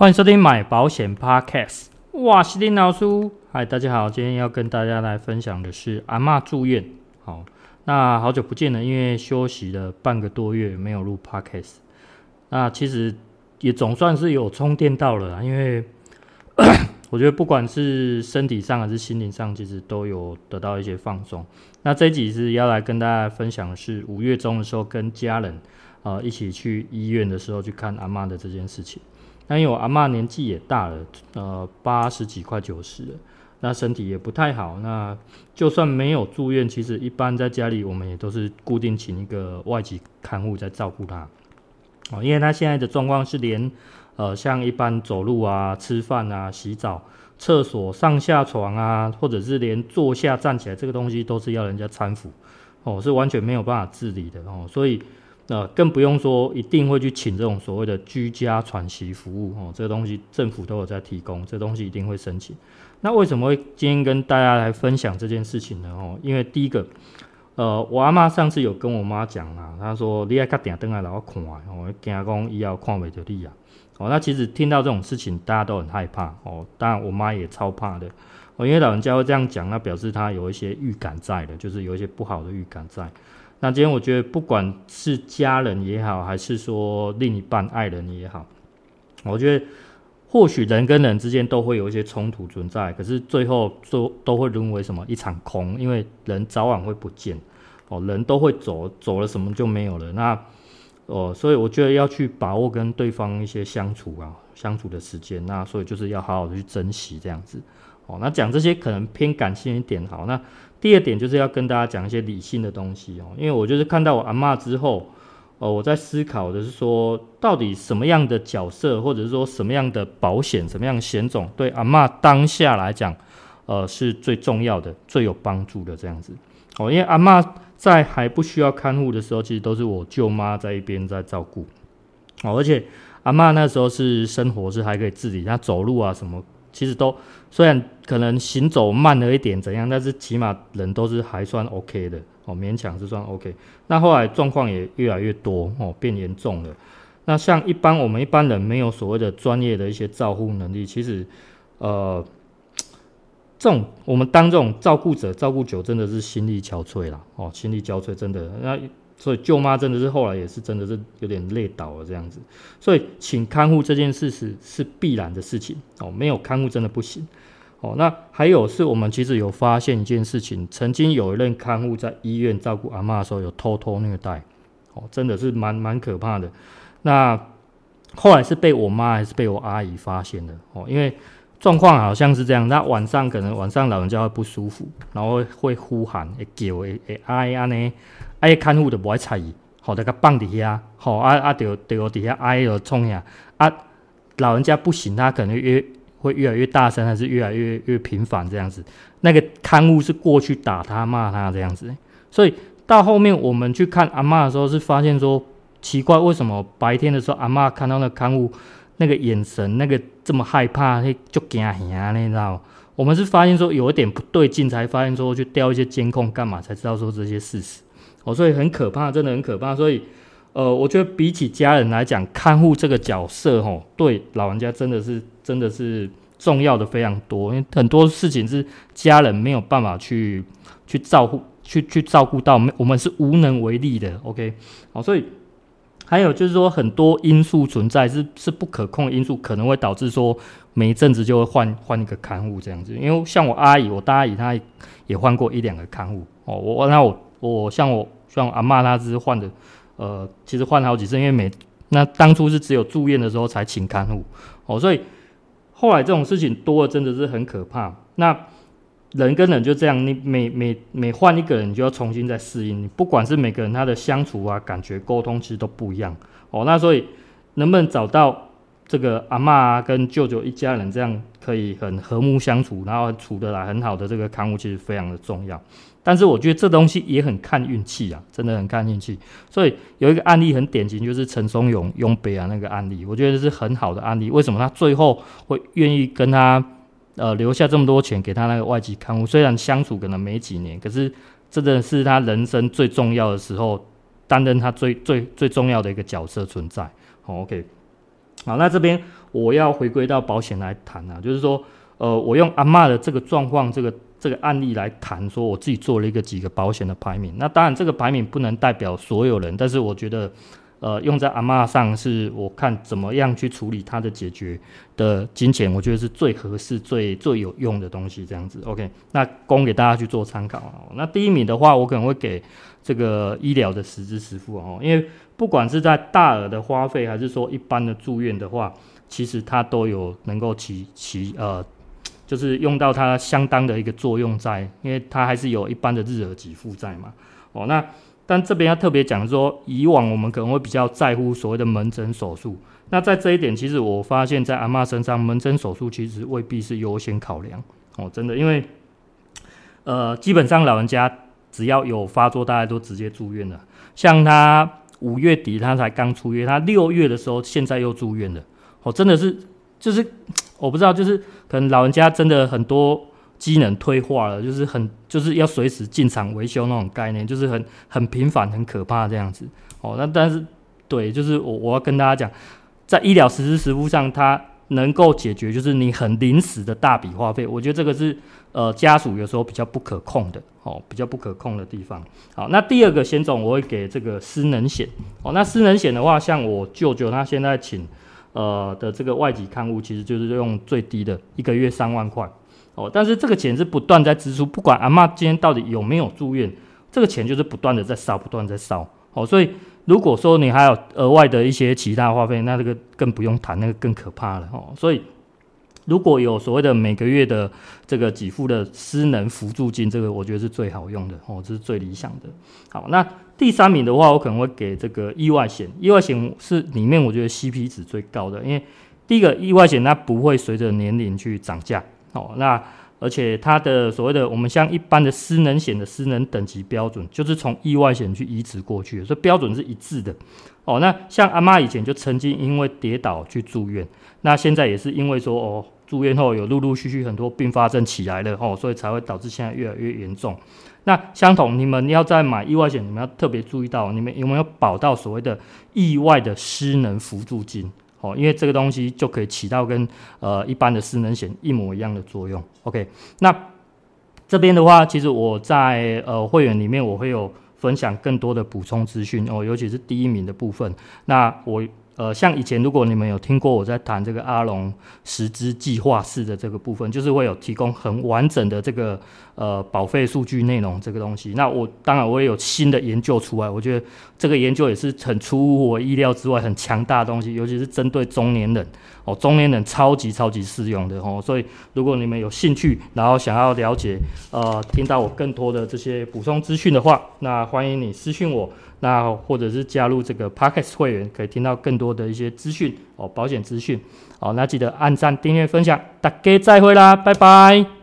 歡迎收聽買保險 Podcast。哇，是丁老師，嗨，大家好，今天要跟大家來分享的是阿嬤住院。好，那好久不見了，因為休息了半個多月沒有錄 Podcast。那其實也總算是有充電到了啦，因為咳咳我覺得不管是身體上還是心靈上，其實都有得到一些放鬆。那這集是要來跟大家分享的是五月中的時候跟家人啊、呃、一起去醫院的時候去看阿嬤的這件事情。因為我阿嬤年紀也大了，呃，八十幾快九十了，那身體也不太好。那就算沒有住院，其實一般在家裡，我們也都是固定請一個外籍看護在照顧她。哦，因為她現在的狀況是連，呃，像一般走路啊、吃飯啊、洗澡、廁所、上下床啊，或者是連坐下、站起來這個東西，都是要人家攙扶，哦，是完全沒有辦法自理的哦，所以。那、呃、更不用說一定會去請這種所謂的居家喘息服務哦，這個東西政府都有在提供，這個、東西一定會申請。那為什麼會今天跟大家來分享這件事情呢？哦，因為第一個，呃，我阿嬤上次有跟我媽講啊，她說你要常常來看點燈啊，老恐啊，我講講伊要看袂着你啊。哦，那其實聽到這種事情，大家都很害怕哦。當然，我媽也超怕的哦，因為老人家會這樣講，那表示她有一些預感在的，就是有一些不好的預感在。那今天我覺得，不管是家人也好，還是說另一半愛人也好，我覺得或許人跟人之間都會有一些衝突存在，可是最後都都會淪為什麼一場空，因為人早晚會不見哦，人都會走，走了什麼就沒有了。那哦、呃，所以我覺得要去把握跟對方一些相處啊，相處的時間。那所以就是要好好的去珍惜這樣子。哦，那講這些可能偏感性一點，好那。第二點就是要跟大家講一些理性的東西哦、喔，因為我就是看到我阿嬤之後，哦，我在思考的是說，到底什麼樣的角色，或者是說什麼樣的保險，什麼樣的險種，對阿嬤當下來講，呃，是最重要的、最有幫助的這樣子哦、喔。因為阿嬤在還不需要看護的時候，其實都是我舅媽在一邊在照顧。哦，而且阿嬤那時候是生活是還可以自理，她走路啊什麼。其實都雖然可能行走慢了一點怎樣，但是起碼人都是還算 OK 的哦，勉強是算 OK。那後來狀況也越來越多哦，變嚴重了。那像一般我們一般人沒有所謂的專業的一些照顧能力，其實呃，這種我們當這種照顧者照顧久，真的是心力憔悴啦。哦，心力憔悴，真的那。所以舅媽真的是後來也是真的是有點累倒了這樣子，所以請看護這件事是是必然的事情哦、喔，沒有看護真的不行哦、喔。那還有是我們其實有發現一件事情，曾經有一任看護在醫院照顧阿嬤的時候有偷偷虐待，哦，真的是蠻蠻可怕的。那後來是被我媽還是被我阿姨發現的哦、喔，因為狀況好像是這樣，那晚上可能晚上老人家會不舒服，然後會呼喊，會叫，會會哀啊呢。挨看護的無愛在意，好，大家放底下，好，阿阿着着底下挨着衝。啥、啊啊啊？啊，老人家不行，他可能越會越來越大聲，還是越來越越頻繁這樣子。那個看護是過去打他罵他這樣子，所以到後面我們去看阿嬤的時候，是發現說奇怪，為什麼白天的時候阿嬤看到那看護那個眼神，那個這麼害怕，就驚嚇你知道嗎？我們是發現說有一點不對勁，才發現說去調一些監控幹嘛，才知道說這些事實。哦，所以很可怕，真的很可怕。所以，呃，我覺得比起家人來講，看護這個角色，吼，對老人家真的是真的是重要的非常多，因為很多事情是家人沒有辦法去去照顧，去去照顧到，我們是無能為力的。OK，好，所以。還有就是說，很多因素存在是是不可控的因素，可能會導致說，每一陣子就會換換一個看護這樣子。因為像我阿姨，我大阿姨她也換過一兩個看護哦。我那我我，我像我像我阿媽那只是換的，呃，其實換了好幾次，因為每那當初是只有住院的時候才請看護哦，所以後來這種事情多了，真的是很可怕。那人跟人就這樣，你每每每換一個人，就要重新再適應。你不管是每個人他的相處啊、感覺、溝通，其實都不一樣。哦，那所以能不能找到這個阿嬤、啊、跟舅舅一家人，這樣可以很和睦相處，然後處得來很好的這個看護，其實非常的重要。但是我覺得這東西也很看運氣啊，真的很看運氣。所以有一個案例很典型，就是陳松勇、用北洋、啊、那個案例，我覺得這是很好的案例。為什麼他最後會願意跟他？呃，留下這麼多錢給他那個外籍看護，雖然相處可能沒幾年，可是真的是他人生最重要的時候，擔任他最最最重要的一個角色存在。好，哦，OK，好，那這邊我要回歸到保險來談啊，就是說，呃，我用阿嬤的這個狀況，這個這個案例來談說，我自己做了一個幾個保險的排名。那當然這個排名不能代表所有人，但是我覺得。呃，用在阿媽上是我看怎麼樣去處理它的解決的金錢，我覺得是最合適、最最有用的東西，這樣子。OK，那供給大家去做參考。那第一名的話，我可能會給這個醫療的實支實付哦，因為不管是在大額的花費，還是說一般的住院的話，其實它都有能夠起起呃，就是用到它相當的一個作用在，因為它還是有一般的日額、及負債嘛。哦，那。但這邊要特別講說，以往我們可能會比較在乎所謂的門診手術。那在這一點，其實我發現，在阿嬤身上，門診手術其實未必是優先考量哦，真的，因為呃，基本上老人家只要有發作，大家都直接住院了。像他五月底他才剛出院，他六月的時候現在又住院了。哦，真的是，就是我不知道，就是可能老人家真的很多。機能退化了，就是很，就是要隨時進場維修那種概念，就是很很頻繁、很可怕這樣子。哦，那但是對，就是我我要跟大家講，在醫療實支實付上，它能夠解決就是你很臨時的大筆花費，我覺得這個是呃家屬有時候比較不可控的哦，比較不可控的地方。好，那第二個險種我會給這個失能險。哦，那失能險的話，像我舅舅他現在請呃的這個外籍看護，其實就是用最低的一個月三萬塊。哦，但是這個錢是不斷在支出，不管阿嬤今天到底有沒有住院，這個錢就是不斷的在燒，不斷在燒。哦，所以如果說你還有額外的一些其他花費，那這個更不用談，那個更可怕了。哦，所以如果有所謂的每個月的這個給付的失能輔助金，這個我覺得是最好用的。哦，這是最理想的。好，那第三名的話，我可能會給這個意外險。意外險是裡面我覺得 CP 值最高的，因為第一個意外險它不會隨着年齡去漲價。哦，那而且它的所謂的我們像一般的失能險的失能等級標準，就是從意外險去移植過去的，所以標準是一致的。哦，那像阿嬤以前就曾經因為跌倒去住院，那現在也是因為說哦住院後有陸陸續續很多併發症起來了哦，所以才會導致現在越來越嚴重。那相同，你們要再買意外險，你們要特別注意到，你們有沒有保到所謂的意外的失能扶助金？哦，因為這個東西就可以起到跟呃一般的失能險一模一樣的作用。OK，那這邊的話，其實我在呃會員裡面，我會有分享更多的補充資訊哦，尤其是第一名的部分。那我。呃，像以前如果你們有聽過我在談這個阿龍實支計劃式的這個部分，就是會有提供很完整的這個呃保費數據內容這個東西。那我當然我也有新的研究出來，我覺得這個研究也是很出乎我意料之外，很強大的東西，尤其是針對中年人哦，中年人超級超級適用的哦。所以如果你們有興趣，然後想要了解呃聽到我更多的這些補充資訊的話，那歡迎你私訊我。那或者是加入這個 Podcast 會員，可以聽到更多的一些資訊哦，保險資訊。好，那記得按讚、訂閱、分享，大家再會啦，拜拜。